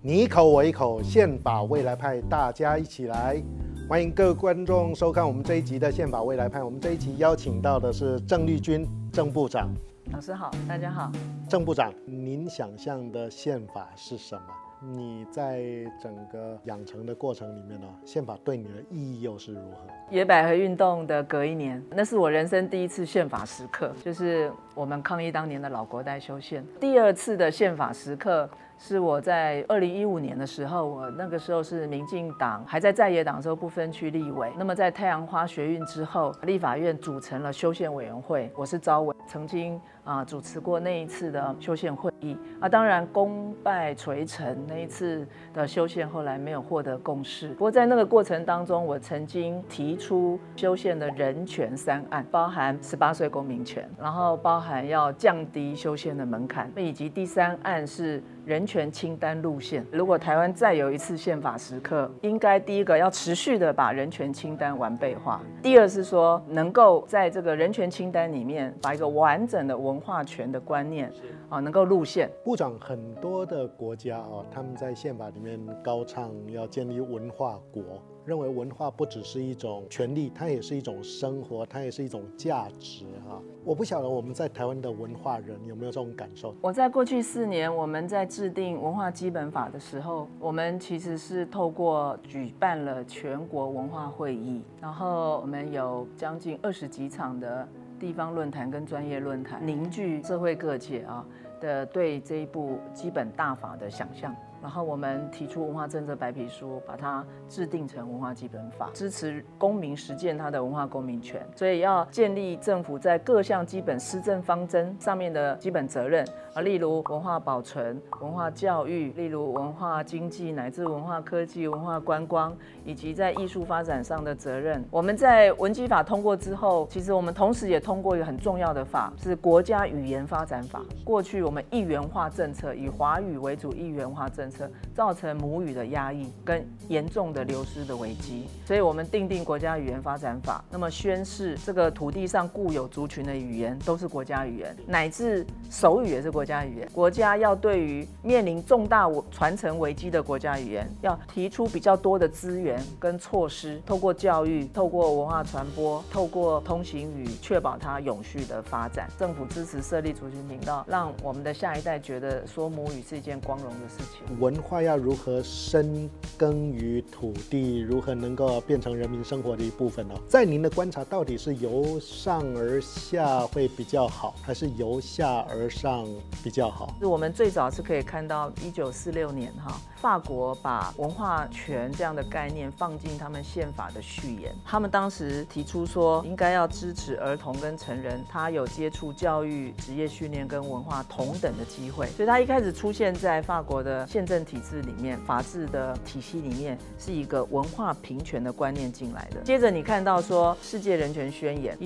你一口我一口，憲法未來派，大家一起來！歡迎各位觀眾收看我們這一集的憲法未來派。我們這一集邀請到的是鄭麗君鄭部長。老師好，大家好。鄭部長，您想象的憲法是什麼？你在整個養成的過程裡面呢？憲法對你的意義又是如何？野百合運動的隔一年，那是我人生第一次憲法時刻，就是我們抗議當年的老國代修憲。第二次的憲法時刻。是我在二零一五年的時候，我那個時候是民進黨還在在野黨的時候不分區立委。那麼在太陽花學運之後，立法院組成了修憲委員會，我是召委，曾經啊、呃、主持過那一次的修憲會議啊。當然功敗垂成，那一次的修憲後來沒有獲得共識。不過在那個過程當中，我曾經提出修憲的人權三案，包含十八歲公民權，然後包含要降低修憲的門檻，以及第三案是。人權清單路線，如果台灣再有一次憲法時刻，應該第一個要持續的把人權清單完備化；第二是說，能夠在這個人權清單裡面把一個完整的文化權的觀念啊，能夠路線。部長，很多的國家啊，他們在憲法裡面高唱要建立文化國。認為文化不只是一種權利，它也是一種生活，它也是一種價值哈。我不曉得我們在台灣的文化人有沒有這種感受。我在過去四年，我們在制定文化基本法的時候，我們其實是透過舉辦了全國文化會議，然後我們有將近二十幾場的地方論壇跟專業論壇，凝聚社會各界啊的對這一部基本大法的想象。然後我們提出文化政策白皮書，把它制定成文化基本法，支持公民實踐它的文化公民權。所以要建立政府在各項基本施政方針上面的基本責任啊，例如文化保存、文化教育，例如文化經濟乃至文化科技、文化觀光，以及在藝術發展上的責任。我們在文基法通過之後，其實我們同時也通過一個很重要的法，是國家語言發展法。過去我們一元化政策以華語為主，一元化政策。造成母語的壓抑跟嚴重的流失的危機，所以我們訂定《國家語言發展法》，那麼宣示這個土地上固有族群的語言都是國家語言，乃至手語也是國家語言。國家要對於面臨重大傳承危機的國家語言，要提出比較多的資源跟措施，透過教育、透過文化傳播、透過通行語，確保它永續的發展。政府支持設立族群頻道，讓我們的下一代覺得說母語是一件光榮的事情。文化要如何深耕於土地，如何能夠變成人民生活的一部分呢？在您的觀察，到底是由上而下會比較好，還是由下而上比較好？是我們最早是可以看到一九四六年哈。法國把文化權這樣的概念放進他們憲法的序言，他們當時提出說應該要支持兒童跟成人，他有接觸教育、職業訓練跟文化同等的機會，所以他一開始出現在法國的憲政體制裡面，法治的體系裡面，是一個文化平權的觀念進來的。接着你看到說《世界人權宣言》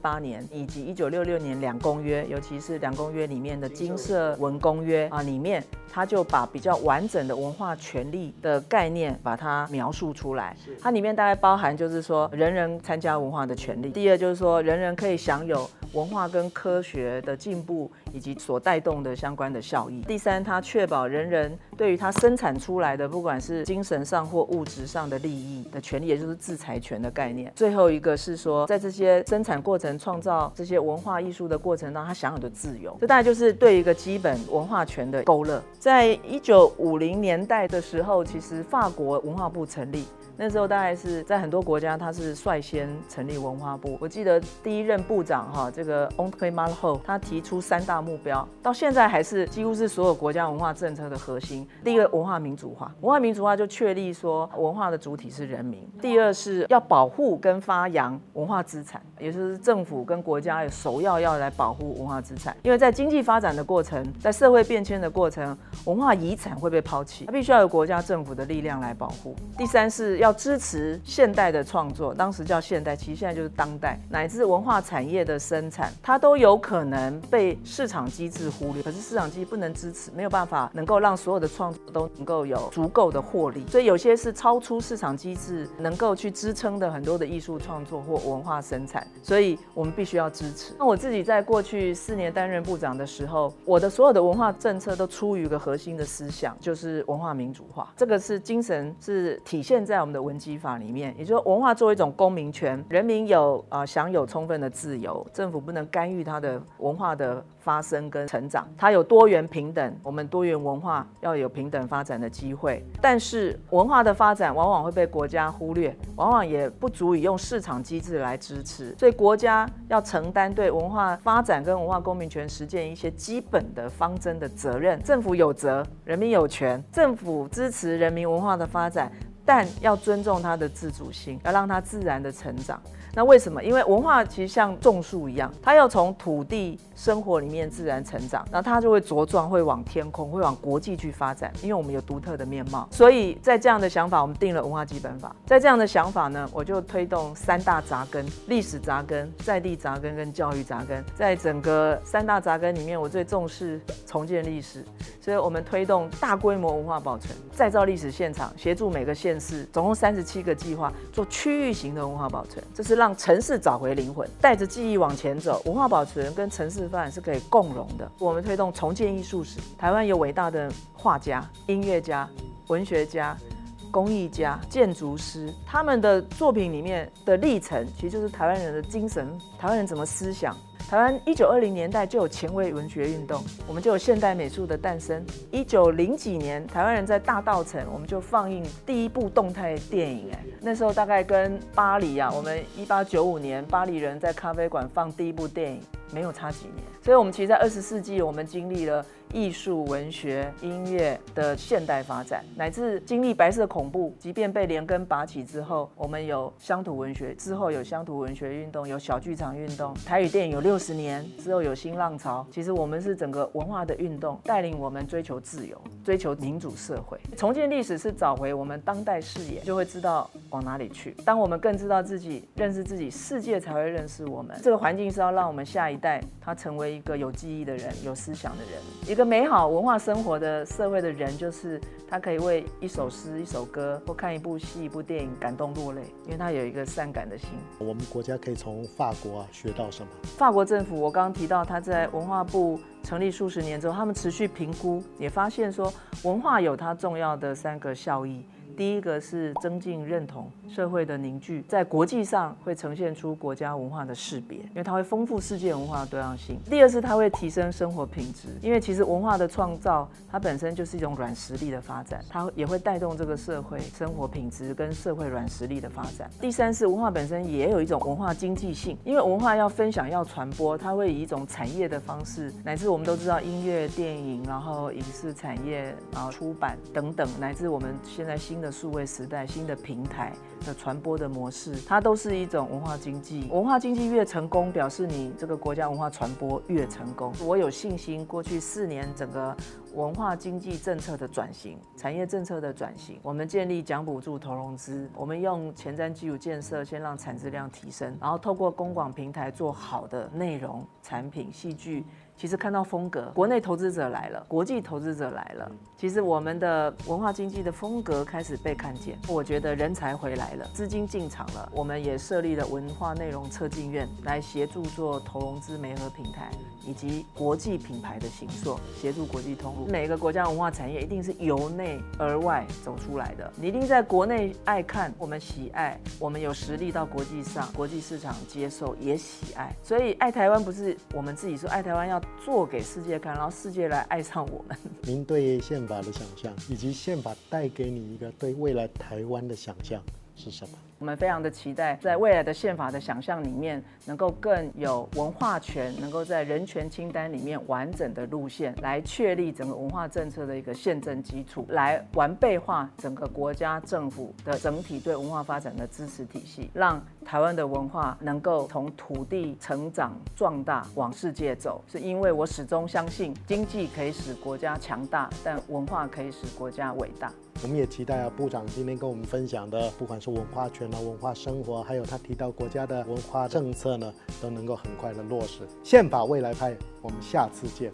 （1948 年）以及1966年兩公約，尤其是兩公約裡面的《經社文公約》啊，裡面他就把比較完整的。文化權利的概念，把它描述出來。它裡面大概包含，就是說人人參加文化的權利。第二，就是說人人可以享有。文化跟科學的進步，以及所帶動的相關的效益。第三，它確保人人對於它生產出來的，不管是精神上或物質上的利益的權利，也就是制裁權的概念。最後一個是說，在這些生產過程創造這些文化藝術的過程當中，他享有的自由。這大概就是對一個基本文化權的勾勒。在一九五零年代的時候，其實法國文化部成立。那時候大概是在很多國家，他是率先成立文化部。我記得第一任部長哈，這個 André Malraux 他提出三大目標，到現在還是幾乎是所有國家文化政策的核心。第一個，文化民主化，文化民主化就確立說，文化的主體是人民。第二是要保護跟發揚文化資產，也就是政府跟國家有首要要來保護文化資產，因為在經濟發展的過程，在社會變遷的過程，文化遺產會被拋棄，他必須要有國家政府的力量來保護。第三是。要支持現代的創作，當時叫現代，其實現在就是當代，乃至文化產業的生產，它都有可能被市場機制忽略。可是市場機制不能支持，沒有辦法能夠讓所有的創作都能夠有足夠的獲利。所以有些是超出市場機制能夠去支撐的很多的藝術創作或文化生產，所以我們必須要支持。那我自己在過去四年擔任部長的時候，我的所有的文化政策都出於一個核心的思想，就是文化民主化。這個是精神，是體現在我們。的文基法裡面，也就是文化作為一種公民權，人民有啊、呃、享有充分的自由，政府不能干預它的文化的發生跟成長，它有多元平等，我們多元文化要有平等發展的機會。但是文化的發展往往會被國家忽略，往往也不足以用市場機制來支持，所以國家要承擔對文化發展跟文化公民權實踐一些基本的方針的責任。政府有責，人民有權，政府支持人民文化的發展。但要尊重他的自主性，要讓他自然的成長。那為什麼？因為文化其實像種樹一樣，它要從土地生活裡面自然成長，那它就會茁壯，會往天空，會往國際去發展。因為我們有獨特的面貌，所以在這樣的想法，我們定了文化基本法。在這樣的想法呢，我就推動三大扎根，歷史扎根、在地扎根跟教育扎根。在整個三大扎根裡面，我最重視重建歷史，所以我們推動大規模文化保存，再造歷史現場，協助每個縣。是總共三十七個計劃，做區域型的文化保存，這是讓城市找回靈魂，帶着記憶往前走。文化保存跟城市發展是可以共融的。我們推動重建藝術史，台灣有偉大的畫家、音樂家、文學家。工藝家、建築師，他們的作品裡面的歷程，其實就是台灣人的精神。台灣人怎麼思想？台灣一九二零年代就有前衛文學運動，我們就有現代美術的誕生。一九零幾年，台灣人在大稻埕，我們就放映第一部動態電影。誒，那時候大概跟巴黎啊，我們一八九五年巴黎人在咖啡館放第一部電影，沒有差幾年。所以，我們其實，在二十世紀，我們經歷了。藝術、文學、音樂的現代發展，乃至經歷白色恐怖，即便被連根拔起之後，我們有鄉土文學，之後有鄉土文學運動，有小劇場運動，台語電影有六十年之後有新浪潮。其實我們是整個文化的運動，帶領我們追求自由，追求民主社會。重建歷史是找回我們當代視野，就會知道往哪裡去。當我們更知道自己、認識自己，世界才會認識我們。這個環境是要讓我們下一代他成為一個有記憶的人，有思想的人，一個。一個美好文化生活的社會的人，就是他可以為一首詩、一首歌或看一部戲、一部電影感動落淚，因為他有一個善感的心。我們國家可以從法國啊學到什麼？法國政府，我剛剛提到，他在文化部成立數十年之後，他們持續評估，也發現說文化有它重要的三個效益。第一個是增進認同、社會的凝聚，在國際上會呈現出國家文化的識別，因為它會豐富世界文化的多樣性。第二是它會提升生活品質，因為其實文化的創造它本身就是一種軟實力的發展，它也會帶動這個社會生活品質跟社會軟實力的發展。第三是文化本身也有一種文化經濟性，因為文化要分享、要傳播，它會以一種產業的方式，乃至我們都知道音樂、電影，然後影視產業啊、出版等等，乃至我們現在新。新的數位時代，新的平台的傳播的模式，它都是一種文化經濟。文化經濟越成功，表示你這個國家文化傳播越成功。我有信心，過去四年整個文化經濟政策的轉型，產業政策的轉型，我們建立獎補助投融資，我們用前瞻基礎建設先讓產值量提升，然後透過公廣平台做好的內容產品、戲劇。其實看到風格，國內投資者來了，國際投資者來了。其實我們的文化經濟的風格開始被看見。我覺得人才回來了，資金進場了。我們也設立了文化內容策進院來協助做投融資媒合平台。以及國際品牌的形塑，協助國際通路。每一個國家文化產業一定是由內而外走出來的，你一定在國內愛看，我們喜愛，我們有實力到國際上，國際市場接受也喜愛。所以愛台灣不是我們自己說愛台灣，要做給世界看，然後世界來愛上我們。您對憲法的想象，以及憲法帶給你一個對未來台灣的想象是什麼？我們非常的期待，在未來的憲法的想象裡面，能夠更有文化權，能夠在人權清單裡面完整的路線，來確立整個文化政策的一個憲政基礎，來完備化整個國家政府的整體對文化發展的支持體系，讓台灣的文化能夠從土地成長壯大，往世界走。是因為我始終相信，經濟可以使國家強大，但文化可以使國家偉大。我們也期待啊，部長今天跟我們分享的，不管是文化權啊、文化生活，還有他提到國家的文化政策呢，都能夠很快的落實。憲法未來派，我們下次見。